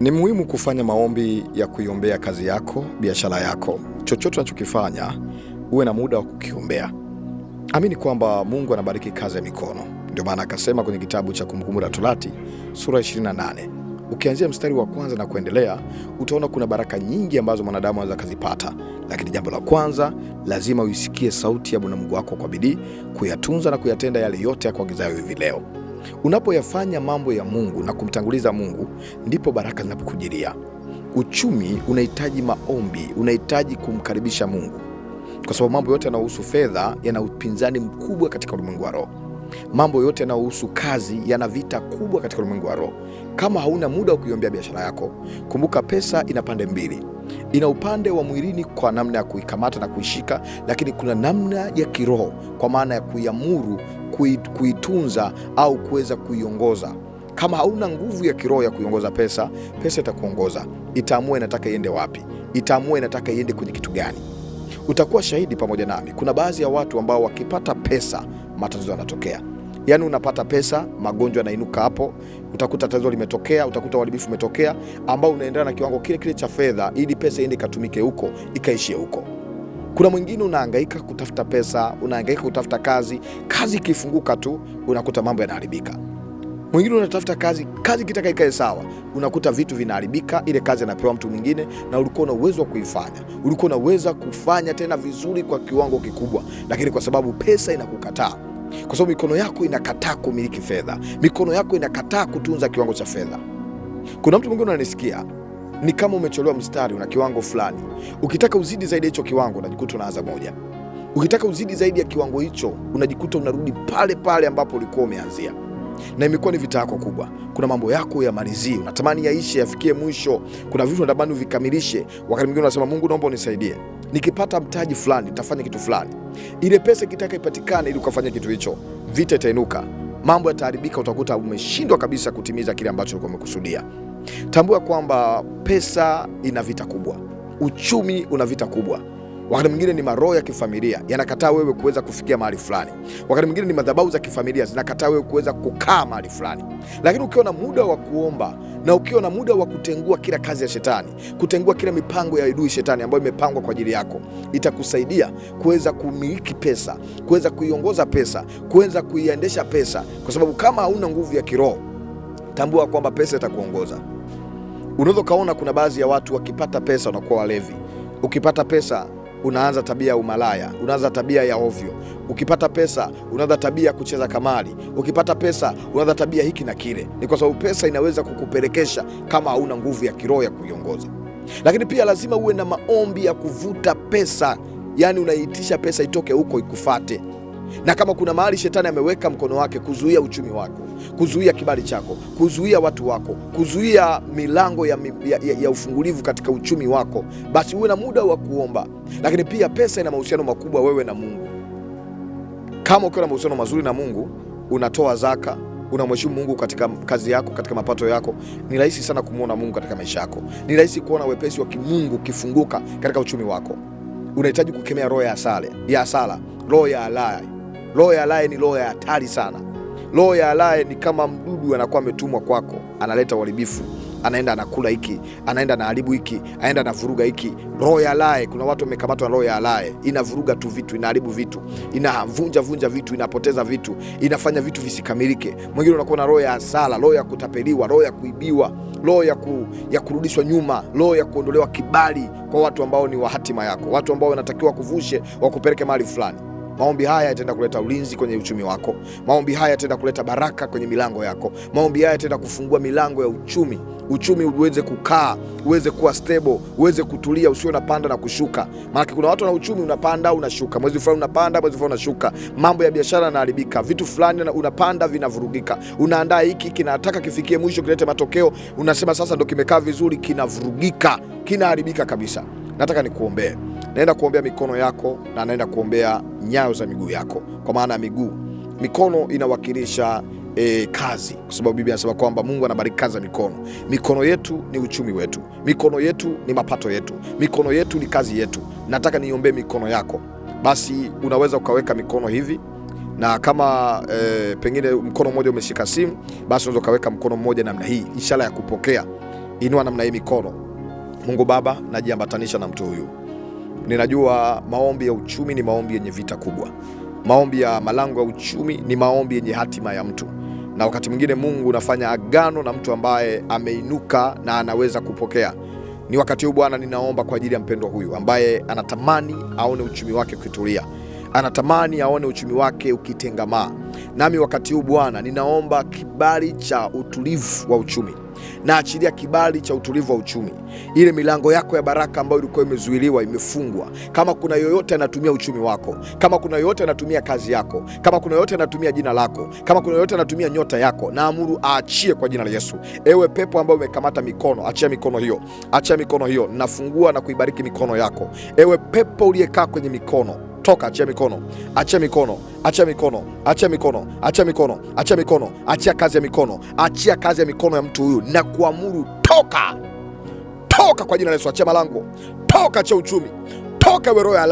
Ni muhimu kufanya maombi ya kuiombea kazi yako, biashara yako, chochote unachokifanya, uwe na muda wa kukiombea. Amini kwamba Mungu anabariki kazi ya mikono. Ndio maana akasema kwenye kitabu cha Kumbukumbu la Torati sura 28 ukianzia mstari wa kwanza na kuendelea, utaona kuna baraka nyingi ambazo mwanadamu anaweza akazipata, lakini jambo la kwanza, lazima uisikie sauti ya Bwana Mungu wako kwa bidii, kuyatunza na kuyatenda yale yote yakuagizayo hivi leo. Unapoyafanya mambo ya Mungu na kumtanguliza Mungu, ndipo baraka zinapokujilia. Uchumi unahitaji maombi, unahitaji kumkaribisha Mungu, kwa sababu mambo yote yanayohusu fedha yana upinzani mkubwa katika ulimwengu wa roho. Mambo yote yanayohusu kazi yana vita kubwa katika ulimwengu wa roho. Kama hauna muda wa kuiombea biashara yako, kumbuka, pesa ina pande mbili. Ina upande wa mwilini kwa namna ya kuikamata na kuishika, lakini kuna namna ya kiroho kwa maana ya kuiamuru kuitunza au kuweza kuiongoza. Kama hauna nguvu ya kiroho ya kuiongoza pesa, pesa itakuongoza, itaamua inataka iende wapi, itaamua inataka iende kwenye kitu gani. Utakuwa shahidi pamoja nami, kuna baadhi ya watu ambao wakipata pesa matatizo yanatokea. Yaani unapata pesa, magonjwa yanainuka hapo, utakuta tatizo limetokea, utakuta uharibifu umetokea ambao unaendana na kiwango kile kile cha fedha, ili pesa iende ikatumike huko, ikaishie huko. Kuna mwingine unahangaika kutafuta pesa, unahangaika kutafuta kazi, kazi ikifunguka tu unakuta mambo yanaharibika. Mwingine unatafuta kazi, kazi kitaka ikae sawa, unakuta vitu vinaharibika, ile kazi anapewa mtu mwingine, na ulikuwa una uwezo wa kuifanya, ulikuwa unaweza kufanya tena vizuri kwa kiwango kikubwa, lakini kwa sababu pesa inakukataa kwa sababu mikono yako inakataa kumiliki fedha, mikono yako inakataa kutunza kiwango cha fedha. Kuna mtu mwingine unanisikia ni kama umechelewa mstari, una kiwango fulani. Ukitaka uzidi zaidi hicho kiwango, unajikuta unaanza moja. Ukitaka uzidi zaidi ya kiwango hicho, unajikuta unarudi pale pale ambapo ulikuwa umeanzia, na imekuwa ni vita yako kubwa. Kuna mambo yako yamalizie, unatamani yaishe, yafikie mwisho. Kuna vitu unatamani uvikamilishe. Wakati mwingine unasema, Mungu, naomba unisaidie, nikipata mtaji fulani nitafanya kitu fulani. Ile pesa ikitaka ipatikane ili ukafanya kitu hicho, vita itainuka, mambo yataharibika, utakuta umeshindwa kabisa kutimiza kile ambacho ulikuwa umekusudia. Tambua kwamba pesa ina vita kubwa, uchumi una vita kubwa. Wakati mwingine ni maroho ya kifamilia yanakataa wewe kuweza kufikia mahali fulani. Wakati mwingine ni madhabahu za kifamilia zinakataa wewe kuweza kukaa mahali fulani. Lakini ukiwa na muda wa kuomba na ukiwa na muda wa kutengua kila kazi ya shetani, kutengua kila mipango ya adui shetani ambayo imepangwa kwa ajili yako, itakusaidia kuweza kumiliki pesa, kuweza kuiongoza pesa, kuweza kuiendesha pesa, kwa sababu kama hauna nguvu ya kiroho, tambua kwamba pesa itakuongoza. Unaweza ukaona kuna baadhi ya watu wakipata pesa wanakuwa walevi, ukipata pesa unaanza tabia ya umalaya, unaanza tabia ya ovyo, ukipata pesa unaanza tabia ya kucheza kamari, ukipata pesa unaanza tabia hiki na kile. Ni kwa sababu pesa inaweza kukupelekesha kama hauna nguvu ya kiroho ya kuiongoza. Lakini pia lazima uwe na maombi ya kuvuta pesa, yaani unaitisha pesa itoke huko ikufate, na kama kuna mahali shetani ameweka mkono wake kuzuia uchumi wako kuzuia kibali chako, kuzuia watu wako, kuzuia milango ya, ya, ya, ya ufungulivu katika uchumi wako, basi uwe na muda wa kuomba. Lakini pia pesa ina mahusiano makubwa wewe na Mungu. Kama ukiwa na mahusiano mazuri na Mungu, unatoa zaka unamheshimu Mungu katika kazi yako, katika mapato yako, ni rahisi sana kumwona Mungu katika maisha yako. Ni rahisi kuona wepesi wa kimungu ukifunguka katika uchumi wako. Unahitaji kukemea roho ya asale ya asala, roho ya alai. Roho ya alai ni roho ya hatari sana. Roho ya alaye ni kama mdudu, anakuwa ametumwa kwako, analeta uharibifu anaenda anakula hiki, anaenda na hiki, anaenda na vuruga hiki. Roho ya lae, kuna watu wamekamatwa na roho ya lae, inavuruga tu vitu, inaharibu vitu, inavunja vunja vitu, inapoteza vitu, inafanya vitu visikamilike. Mwingine unakuwa na roho ya hasara, roho ya kutapeliwa, roho ya kuibiwa, roho ya, ku, ya kurudishwa nyuma, roho ya kuondolewa kibali kwa watu ambao ni wa hatima yako, watu ambao wanatakiwa kuvushe wakupeleke mahali fulani. Maombi haya yataenda kuleta ulinzi kwenye uchumi wako. Maombi haya yataenda kuleta baraka kwenye milango yako. Maombi haya yataenda kufungua milango ya uchumi, uchumi uweze kukaa, uweze kuwa stable, uweze kutulia, usio panda na kushuka. Maana kuna watu na uchumi unapanda, unashuka, mwezi fulani unapanda, mwezi fulani unashuka, mambo ya biashara yanaharibika, vitu fulani unapanda, vinavurugika. Unaandaa hiki, kinataka kifikie mwisho, kilete matokeo, unasema sasa ndo kimekaa vizuri, kinavurugika, kinaharibika kabisa. Nataka nikuombee naenda kuombea mikono yako na naenda kuombea nyayo za miguu yako, kwa maana ya miguu. Mikono inawakilisha E, kazi kwa sababu Biblia inasema kwamba Mungu anabariki kazi za mikono. Mikono yetu ni uchumi wetu, mikono yetu ni mapato yetu, mikono yetu ni kazi yetu. Nataka niiombee mikono yako, basi unaweza ukaweka mikono hivi, na kama e, pengine mkono mmoja umeshika simu, basi unaweza ukaweka mkono mmoja namna hii, ishara ya kupokea. Inua namna hii mikono. Mungu Baba, najiambatanisha na mtu huyu Ninajua maombi ya uchumi ni maombi yenye vita kubwa. Maombi ya malango ya uchumi ni maombi yenye hatima ya mtu, na wakati mwingine Mungu unafanya agano na mtu ambaye ameinuka na anaweza kupokea. Ni wakati huu Bwana, ninaomba kwa ajili ya mpendwa huyu ambaye anatamani aone uchumi wake ukitulia anatamani aone uchumi wake ukitengamaa. Nami wakati huu Bwana, ninaomba kibali cha utulivu wa uchumi na achilia kibali cha utulivu wa uchumi. Ile milango yako ya baraka ambayo ilikuwa imezuiliwa imefungwa. Kama kuna yoyote anatumia uchumi wako, kama kuna yoyote anatumia kazi yako, kama kuna yoyote anatumia jina lako, kama kuna yoyote anatumia nyota yako, naamuru aachie kwa jina la Yesu. Ewe pepo ambayo umekamata mikono, achia mikono hiyo, achia mikono hiyo. Nafungua na kuibariki mikono yako, ewe pepo uliyekaa kwenye mikono toka, achia mikono, achia mikono, achia mikono, achia mikono, achia mikono, achia mikono, achia kazi ya mikono, achia kazi ya mikono ya mtu huyu na kuamuru toka, toka kwa jina la Yesu. Achia malango, toka, achia uchumi, toka, wewe roho ya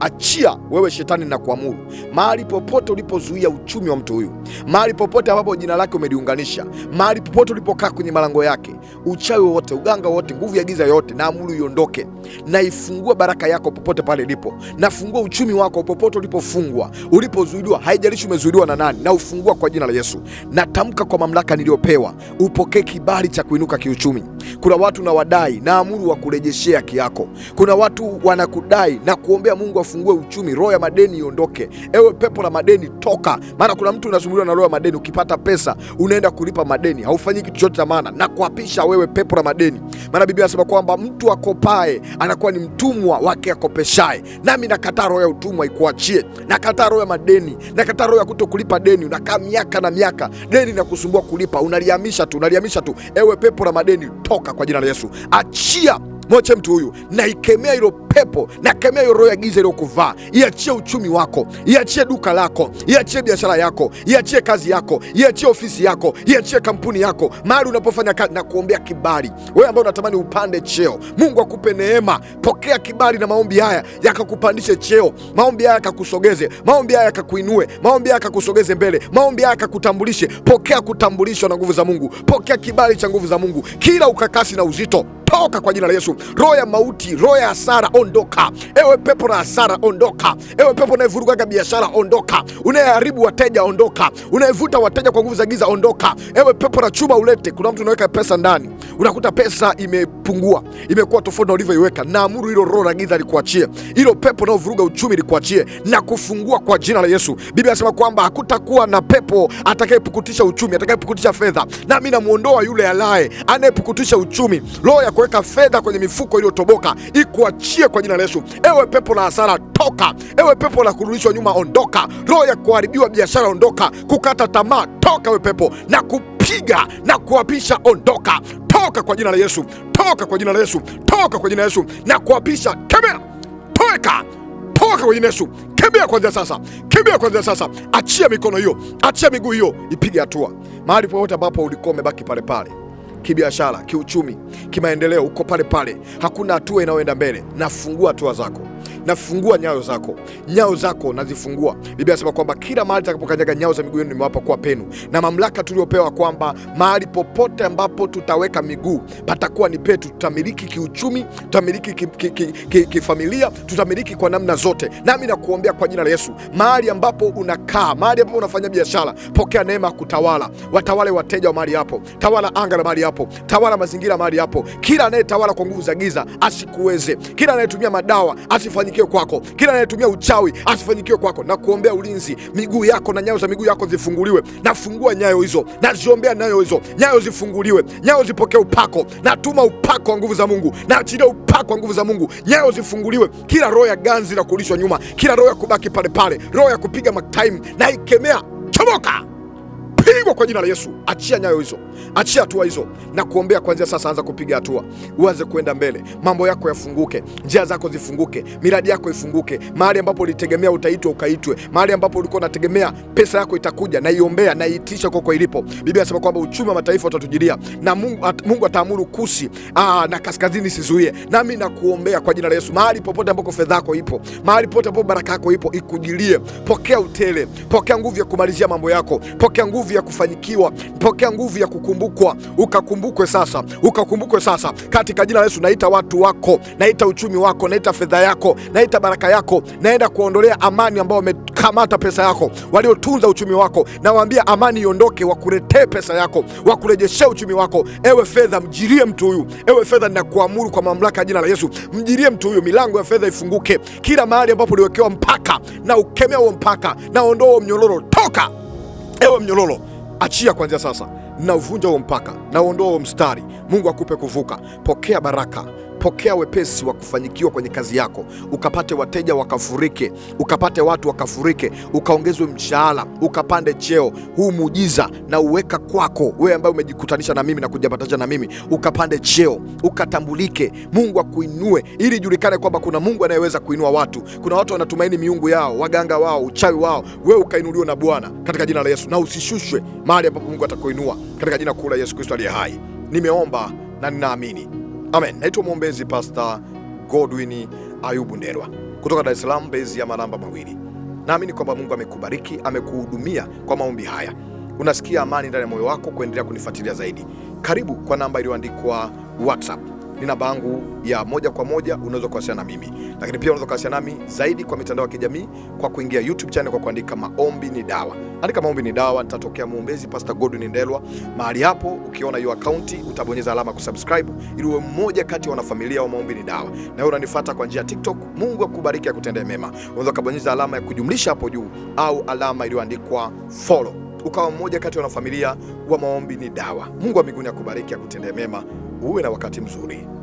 achia wewe shetani na kuamuru, mahali popote ulipozuia uchumi wa mtu huyu, mahali popote ambapo jina lake umeliunganisha, mahali popote ulipokaa kwenye malango yake, uchawi wote uganga wote nguvu ya giza yote, na amuru iondoke. Naifungua baraka yako popote pale ilipo, nafungua uchumi wako popote ulipofungwa, ulipozuiliwa, haijalishi umezuiliwa na nani, na ufungua kwa jina la Yesu. Natamka kwa mamlaka niliyopewa, upokee kibali cha kuinuka kiuchumi. Kuna watu na wadai, naamuru wakurejeshea haki yako. Kuna watu wanakudai na kuombea Mungu ufungue uchumi, roho ya madeni iondoke. Ewe pepo la madeni, toka! Maana kuna mtu unasumbuliwa na roho ya madeni. Ukipata pesa unaenda kulipa madeni, haufanyi kitu chochote cha maana. Na kuapisha wewe pepo la madeni, maana Biblia inasema kwamba mtu akopae anakuwa ni mtumwa wake akopeshaye. Nami nakataa roho ya utumwa ikuachie, nakataa roho ya madeni, nakataa roho ya kutokulipa deni. Unakaa miaka na miaka deni na kusumbua kulipa, unaliamisha tu, unaliamisha tu. Ewe pepo la madeni, toka kwa jina la Yesu, achia mwache mtu huyu. Naikemea hilo pepo, nakemea hiyo roho ya giza iliyokuvaa. Iachie uchumi wako, iachie duka lako, iachie biashara yako, iachie kazi yako, iachie ofisi yako, iachie kampuni yako, mahali unapofanya kazi. Na kuombea kibali, wewe ambaye unatamani upande cheo, Mungu akupe neema. Pokea kibali na maombi haya yakakupandishe cheo, maombi haya yakakusogeze, maombi haya yakakuinue, maombi haya yakakusogeze mbele, maombi haya yakakutambulishe. Pokea kutambulishwa na nguvu za Mungu, pokea kibali cha nguvu za Mungu, kila ukakasi na uzito toka kwa jina la Yesu. Roho ya mauti, roho ya hasara, ondoka. Ewe pepo la hasara, ondoka. Ewe pepo unayevurugaga biashara, ondoka. Unayeharibu wateja, ondoka. Unayevuta wateja kwa nguvu za giza, ondoka. Ewe pepo la chuma, ulete. Kuna mtu unaweka pesa ndani, unakuta pesa imepungua, imekuwa tofauti na ulivyoiweka. Naamuru hilo roho la giza likuachie, hilo pepo unaovuruga uchumi likuachie na kufungua kwa jina la Yesu. Biblia inasema kwamba hakutakuwa na pepo atakayepukutisha uchumi, atakayepukutisha fedha, nami namuondoa yule alaye anayepukutisha uchumi, roho ya kuweka fedha kwenye mifuko iliyotoboka, ikuachie kwa jina la Yesu. Ewe pepo la hasara, toka! Ewe pepo la kurudishwa nyuma, ondoka! Roho ya kuharibiwa biashara, ondoka! Kukata tamaa, toka! Ewe pepo na kupiga na kuapisha, ondoka! Toka kwa jina la Yesu, toka kwa jina la Yesu, toka kwa jina la Yesu na kuapisha, kemea, toeka, toka kwa jina la Yesu. Kimbia kwanzia sasa, kimbia kwanzia sasa. Achia mikono hiyo, achia miguu hiyo, ipige hatua mahali popote ambapo ulikuwa umebaki pale pale kibiashara, kiuchumi, kimaendeleo, uko pale pale, hakuna hatua inayoenda mbele. Nafungua hatua zako nafungua nyayo zako, nyayo zako nazifungua. Biblia anasema kwamba kila mahali takapokanyaga nyayo za miguu yenu nimewapa kuwa penu, na mamlaka tuliopewa kwamba mahali popote ambapo tutaweka miguu patakuwa ni petu. Tutamiliki kiuchumi, tutamiliki kifamilia, tutamiliki kwa namna zote. Nami nakuombea kwa jina la Yesu, mahali ambapo unakaa, mahali ambapo unafanya biashara, pokea neema ya kutawala. Watawale wateja wa mahali hapo, tawala anga la mahali hapo, tawala mazingira mahali hapo. Kila anayetawala kwa nguvu za giza asikuweze, kila anayetumia madawa asifanye asifanikiwe kwako. Kila anayetumia uchawi asifanikiwe kwako, na kuombea ulinzi, miguu yako na nyayo za miguu yako zifunguliwe. Nafungua nyayo hizo, naziombea nyayo hizo, nyayo zifunguliwe, nyayo zipokee upako. Natuma upako wa nguvu za Mungu, naachilia upako wa nguvu za Mungu, nyayo zifunguliwe. Kila roho ya ganzi na kurudishwa nyuma, kila roho ya kubaki palepale, roho ya kupiga mataimu, naikemea, chomoka. Unapigwa kwa jina la Yesu. Achia nyayo hizo, achia hatua hizo na kuombea kuanzia sasa. Anza kupiga hatua, uanze kwenda mbele, mambo yako yafunguke, njia zako zifunguke, miradi yako ifunguke. Mahali ambapo ulitegemea utaitwa ukaitwe, mahali ambapo ulikuwa unategemea pesa yako itakuja, naiombea, naiitisha koko ilipo. Biblia inasema kwamba uchumi wa mataifa utatujilia na Mungu, at, Mungu ataamuru kusi aa, na kaskazini sizuie. Nami nakuombea kwa jina la Yesu, mahali popote ambapo fedha yako ipo, mahali popote ambapo baraka yako ipo, ikujilie. Pokea utele, pokea nguvu ya kumalizia mambo yako, pokea nguvu ya kufanikiwa, pokea nguvu ya kukumbukwa, ukakumbukwe sasa, ukakumbukwe sasa katika jina la Yesu. Naita watu wako, naita uchumi wako, naita fedha yako, naita baraka yako, naenda kuondolea amani ambao wamekamata pesa yako, waliotunza uchumi wako, nawaambia amani iondoke, wakuletee pesa yako, wakurejeshee uchumi wako. Ewe fedha, mjirie mtu huyu. Ewe fedha, ninakuamuru kwa mamlaka ya jina la Yesu, mjirie mtu huyu, milango ya fedha ifunguke, kila mahali ambapo uliwekewa mpaka na ukemea huo mpaka, naondoa huo mnyororo, toka ewe mnyororo Achia kuanzia sasa, na uvunja huo mpaka, na uondoa huo mstari. Mungu akupe kuvuka. Pokea baraka pokea wepesi wa kufanikiwa kwenye kazi yako, ukapate wateja wakafurike, ukapate watu wakafurike, ukaongezwe mshahara, ukapande cheo. Huu muujiza na uweka kwako wewe, ambaye umejikutanisha na mimi na kujapatanisha na mimi, ukapande cheo, ukatambulike, Mungu akuinue, ili ijulikane kwamba kuna Mungu anayeweza kuinua watu. Kuna watu wanatumaini miungu yao, waganga wao, uchawi wao, wewe ukainuliwe na Bwana katika jina la Yesu, na usishushwe mahali ambapo Mungu atakuinua katika jina kuu la Yesu Kristo aliye hai. Nimeomba na ninaamini. Amen. Naitwa mwombezi Pastor Godwin Ayubu Ndelwa kutoka Dar es Salaam, bezi ya maramba mawili. Naamini kwamba Mungu amekubariki, amekuhudumia kwa maombi haya. Unasikia amani ndani ya moyo wako kuendelea kunifuatilia zaidi. Karibu kwa namba iliyoandikwa WhatsApp ni namba yangu ya moja kwa moja, unaweza kuwasiliana na mimi, lakini pia unaweza kuwasiliana nami zaidi kwa mitandao ya kijamii kwa kuingia YouTube channel kwa kuandika maombi ni dawa. Andika maombi ni dawa, nitatokea muombezi Pastor Godwin Ndelwa. Mahali hapo ukiona hiyo account utabonyeza alama kusubscribe ili uwe mmoja kati ya wanafamilia wa maombi ni dawa, na wewe unanifuata kwa njia ya TikTok. Mungu akubariki, akutendee mema. Unaweza kubonyeza alama ya kujumlisha hapo juu au alama iliyoandikwa follow ukawa mmoja kati ya wanafamilia wa maombi ni dawa. Mungu wa mbinguni akubariki, akutendee mema uwe na wakati mzuri.